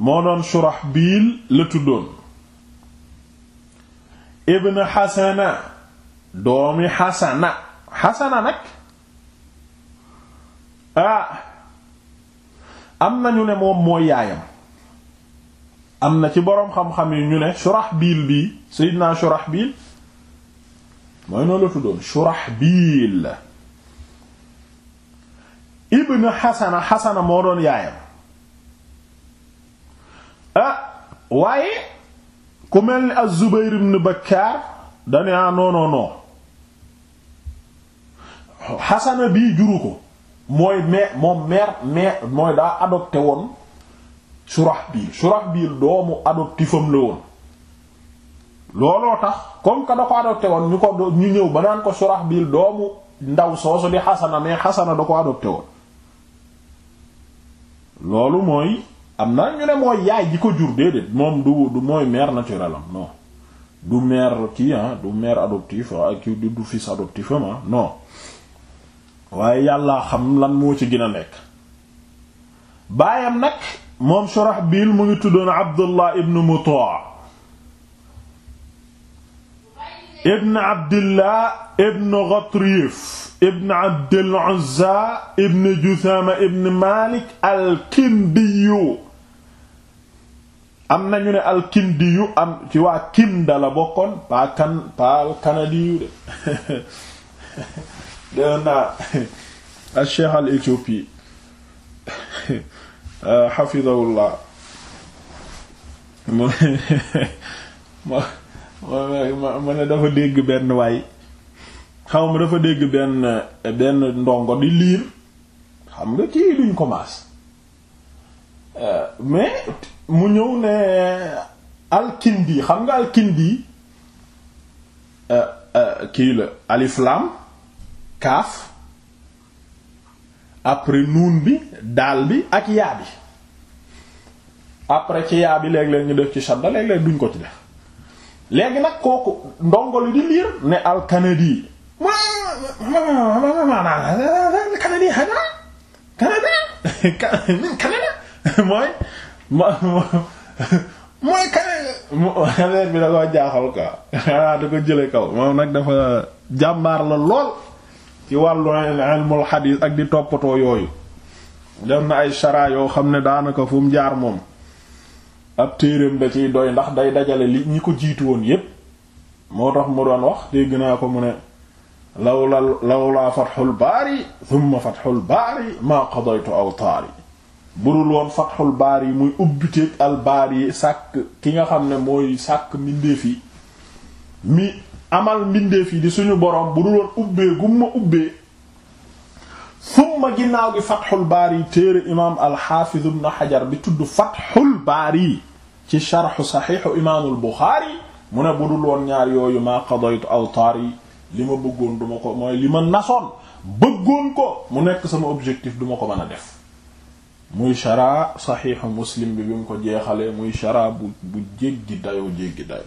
moo doon Shurahbiil la tuddoon ibn Hasana doomi Hasana Hasana nag ah am na ñu ne moom mooy yaayam am na ci boroom xam-xam yi ñu ne Shurahbiil bii Seydina Shurahbiil mooy noonu la tuddoon Shurahbiil ibn Hasana Hasana moo doon yaayam ah waaye ku mel ni az-Zubayr ibn Bakkar dane ah non xasana bii juru ko mooy mère moom mère mère mooy daa adopté woon Surahbil biir doomu adoptif am la woon looloo tax comme que da ko adopté woon ñu ko ñu ñëw ba naan ko Surahbil doomu ndaw soosu di xasana mais xasana da ko adopté woon loolu mooy am na ñu ne mooy yaay ji ko jur déedéet moom du mooy mère naturelle am non du mère kii ah du mère adoptif ak ah, kii du fils adoptif am ah waaye yàllaa xam lan moo ci gën a nekk baayam nag moom Shurahbil mu ngi tuddoon Abdullah ibn Muta ibn Abdillah ibn Ghatrif ibn Abdul Uzza ibn Juthama ibn Malik al-Kindiyu am nañu ne alkindi yu am ci waa kinda la bokkoon paa kan paa kanadi yu de dén naa al cheikh al éthiopie euh, hafidahullah mu mu ne dafa dégg benn waay xaw ma dafa dégg benn ndongo di liir xam nga kii duñ commence euh, mais mu ñëw ne alkindi xam nga alkindi kii la alif lam kaaf après nuun bi daal bi ak yaa bi après ci yaa bi léeg-léeg ñu def ci shadda léeg-léeg duñ ko ci def léegi nag kooku ndongoli di liir ne alkanadi kanadi kanadi kanadi mooy ma mooy kane affaire bi da ko jaaxal quoi da ko jële kaw moom nag dafa jàmbaar la lool ci wàllu ilmul xadiis ak di toppatoo yooyu def na ay chara yoo xam ne daanaka fu mu jaar moom ab téereem da ciy doy ndax day dajale li ñi ko jiitu woon yépp moo tax mu doon wax dégg naa ko mu ne lawla lawla fatxul baari thumma fatxul baari maa qadaytu awtaari budul woon fatxul baar yi muy ubbiteeg al baar yi ki nga xam ne mooy sàkk mbindeef yi mi amal mbindeef yi di suñu borom budul woon ubbee gum ma ubbee summa ginnaaw gi fatxul baar yi téere imaam alxaafiz ibn xajar bi tudd fatxul baar yi ci sharxu saxiixu imaamul buxaari mu ne budul woon ñaar yooyu maa qadaytu awtaar li ma bëggoon duma ko mooy li ma nasoon bëggoon ko mu nekk sama objectif duma ko mën a def muy chara saxiixu muslim bi bi mu ko jeexalee muy chara bu bu jéggi dayoo jéggi dayoo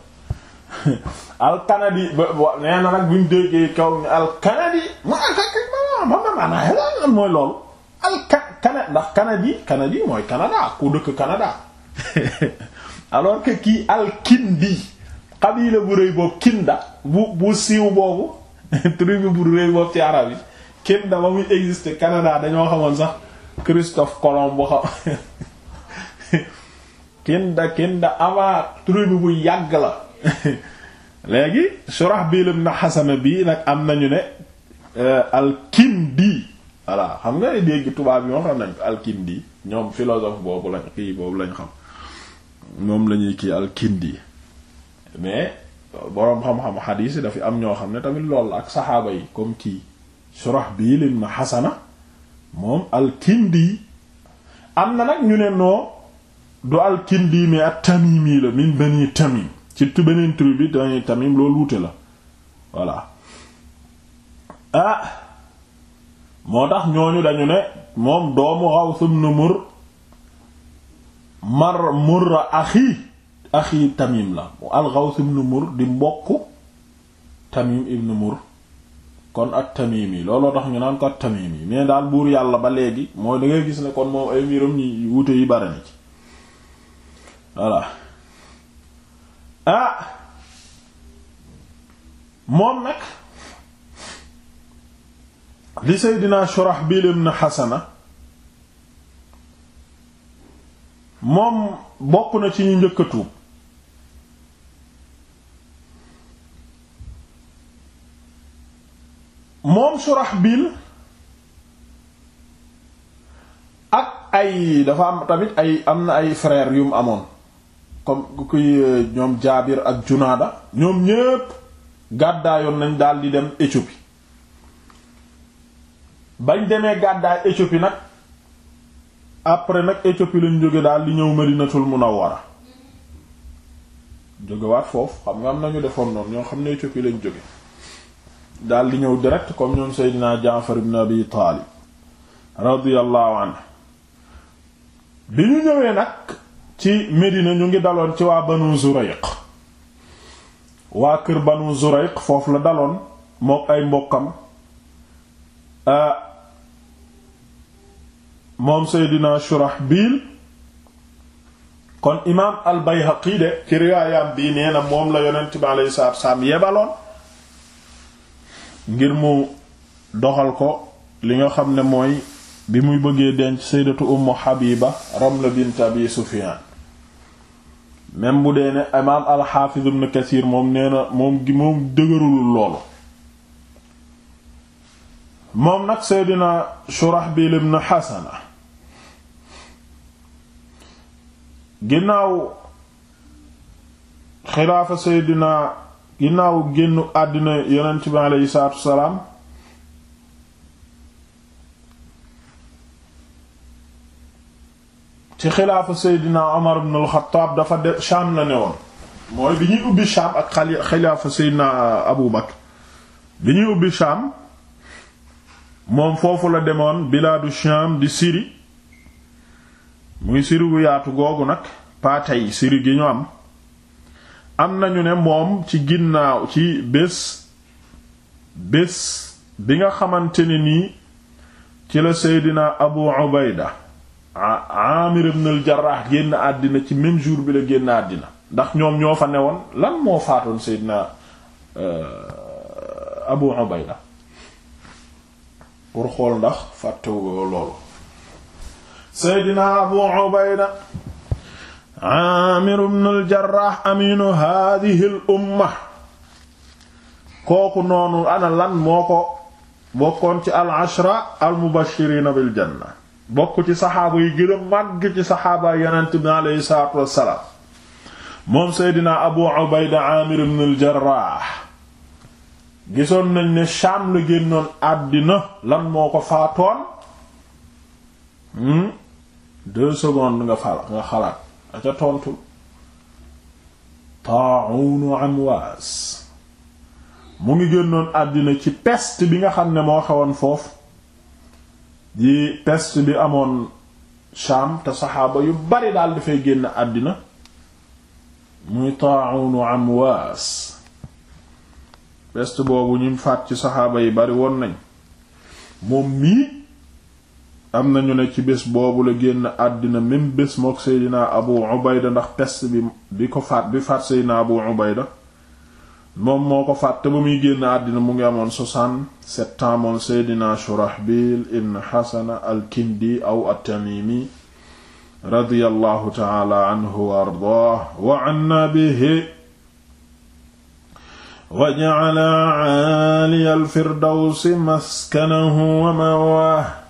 alkanadi ba nee na nag bi mu déggee kaw ni alkanadi mu alkanadi mooy loolu alka kana ndax kanadi kanadi mooy Canada ku dëkk Canada alors que kii alkindi xabila bu rëy boobu kinda bu bu siiw boobu tribu bu rëy boobu ci arab yi kinda ba muy exister Canada dañoo xamoon sax. Christophe Colomb boo xam kinda kinda avant tribu bu yàgg la léegi bii Shurahbil na Hasan bii nag am nañu ne euh, al di voilà xam nga dégg tubaab yi xam nañ ko al-Kindi ñoom philosophe boobu lañ kii boobu lañ xam moom la ñuy kii al-Kindi mais boroom xam-xam xadiis yi dafa am ñoo xam ne tamit lool la ak saxaaba yi comme kii Shurahbil ibn xasana moom al-Kindi am na nag ñu ne noo du al-Kindi mais at-Tamimi la min Bani Tamim ci beneen tribu bi dañuy Tamim loolu wuute la voilà ah moo tax ñooñu dañu ne moom doomu Aws ibn Mur mar Murra axi axi Tamim la al-Ghaws ibn Mur di mbokk Tamim ibn Mur kon at-Tamimi looloo tax ñu naan ko at-Tamimi mais daal buur yàlla ba léegi moo da gis ne kon moom ay miiram ñi wute yi bari na ci voilà ah moom nag li bii Shurahbil ibn Hasana moom bokk na ci ñu njëkk moom Surahbil ak ay dafa am tamit ay am na ay frères yu mu amoon comme ku koy euh, ñoom Jaabir ak Junaada ñoom ñépp gàddaayoon nañ daal di dem Éthiopie bañ demee gàddaay Éthiopie nag après nag Éthiopie lañ jóge daal di ñëw mun a Munawwara jógewaat foofu xam nga am na ñu defoon noonu ñoo xam ne Éthiopie lañ jóge daal di ñëw direct comme ñoom Seydina Jaafar ibn Abi Taalib radiyallahu anhu bi ñu ñëwee nag ci Medina ñu ngi daloon ci waa Banu Zurayq waa kër Banu Zurayq foofu la daloon mook ay mbokkam ah, moom Seydina Shurahbil kon imaam al-Bayhaqi de ci riwaayam bii nee moom la yonent bi alayhi salaatu wa yebaloon ngir mu doxal ko li nga xam ne mooy bi muy bëggee denc sayyidatu ummu habiba ramla bint abi sufyan même bu dee ne imaam alxaafiz ibn kasiir moom nee na moom gi loolu moom nag seydina shurahbil ibn hasana ginnaaw xilaafa seydina ginnaaw génnu àddina yonent bi aleyhi salaatu ci xilaafa seydina Omar ibn al dafa de Shaam la ne woon mooy bi ñuy ubbi Shaam ak xilaafa seydina Abu Bakr bi ñuy ubbi Shaam moom foofu la demoon bilaadu Shaam di Syrie muy Syrie bu yaatu googu nag paa tey Syrie gi ñu am am nañu ne moom ci ginnaaw ci bés bés bi nga xamante ne nii ci la seydina abu ubayda amir ibn al génn àddina ci même jour bi la génn àddina ndax ñoom ñoo fa woon lan moo faatoon seydina euh, abu ubayda pour xool ndax fàttewu loolu seydina abu ubayda Aamir ibn al-Jarrah aminu al-umma kooku noonu lan moo ko bokkoon ci al-ashra al-mubashiriina bil janna bokk ci saxaaba yi gën a màgg ci saxaaba yonent bi alayhi salaatu wassalaam moom Seydina Abu Ubayda Aamir ibn al gisoon nañ ne Shaam la génnoon àddina lan moo ko faatoon hmm? nga xalaat aca tontu taawunu amwaas mu ngi génnoon àddina ci pest bi nga xam ne moo xewoon foofu di peste bi amoon Sham te saxaaba yu bari daal dafay génn àddina muy taawunu amwaas peste boobu ñu faat ci saxaaba yi bari woon nañ moom mii am nañu ne ci bés boobu la génn àddina même bés mook seydina abu ubayda ndax pest bi ko faat bi faat seydina abu ubayda moom moo ko faat te ba muy génn àddina mu ngi amoon soixante-sept ans moom seydina shurahbil ibn xasana alkindi aw at-tamimi radiyallahu wa ardaah wa anna bihi wa ja'ala 'aliya al-firdawsi wa mawaahu